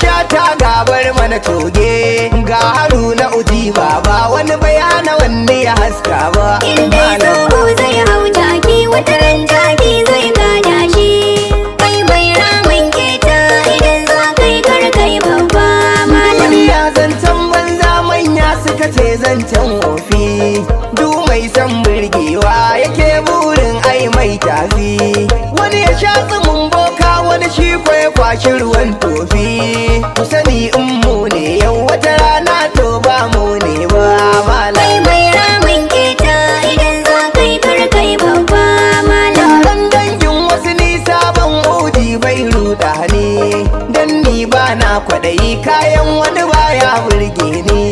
shata gabar mana toge ga haruna na uji ba wani bayana wanda ya haska ba inda zo zai hau wata ofi du mai san birgewa yake ai mai tafi wani ya sha tsumin boka wani shi kwaikwashin ruwan to ni kayan wani baya burge ni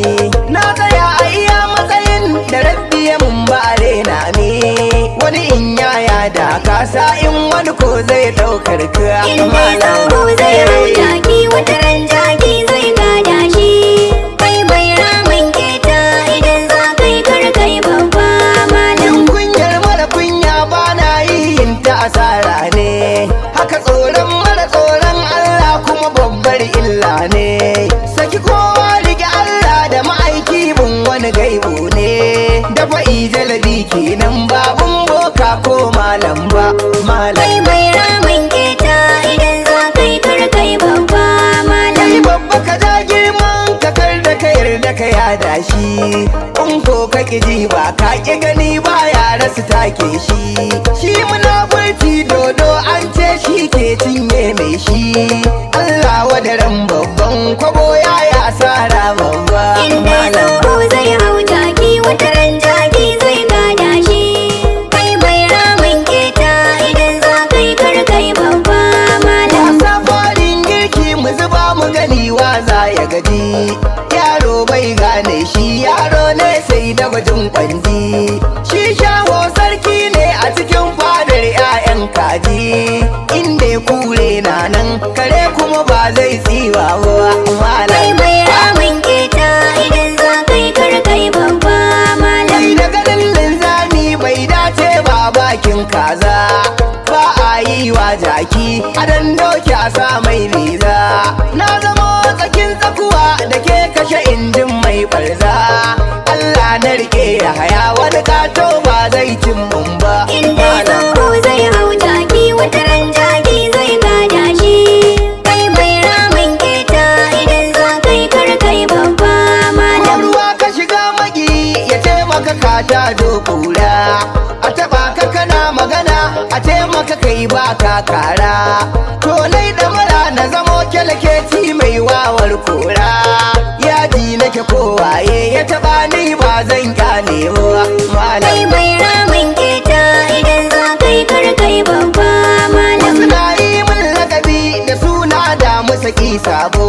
na tsaya a iya matsayin da rabbi ya mun ba arena ni wani in yaya da kasa in wani ko zai daukar ka in dai zango zai rauta ki wata ranja jalabi kenan babun boka ko malam ba malam mai ramin keta idan za kai kar kai babba malam babba ka ja girman ka kar da ka yarda ka yada shi in ko ka ki ji ba ka ki gani ba yara su take shi shi muna munafurci dodo an ce shi ke cinye mai shi Allah wadaran babban kwabo ya yi asara babuwa malam bai ramin idan za kai karkai babba malam na ganin linzami bai dace ba bakin kaza ba a yi wa jaki a dan doki a sa mai riza na zamo tsakin tsakuwa da ke kashe injin mai barza Allah na riƙe ya haya a taimaka kai ba ka kara tolai da mara na zamo kyalkeci mai wawar kora ji nake kowaye ya taba ni ba zan kyale ba malam mai ramin keta idan za kai karkai babba malam suna yi min lakabi da suna da musaki sabo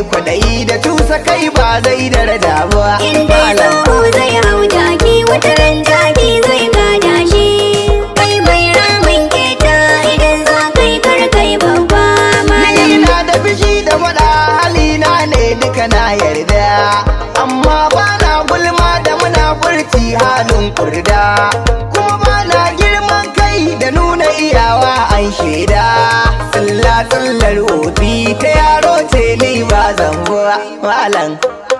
mai kwaɗayi da tusa kai ba zai da rada ba. In dai zai hau jaki wata ran jaki zai gada shi. Kai bai ramin keta idan za kai kar kai babba mai. Ni na da bishi da faɗa halina ne duka na yarda. Amma ba na gulma da muna furci halin kurda. Kuma ba na girman kai da nuna iyawa an shaida. Tsalla tsallar obi. you.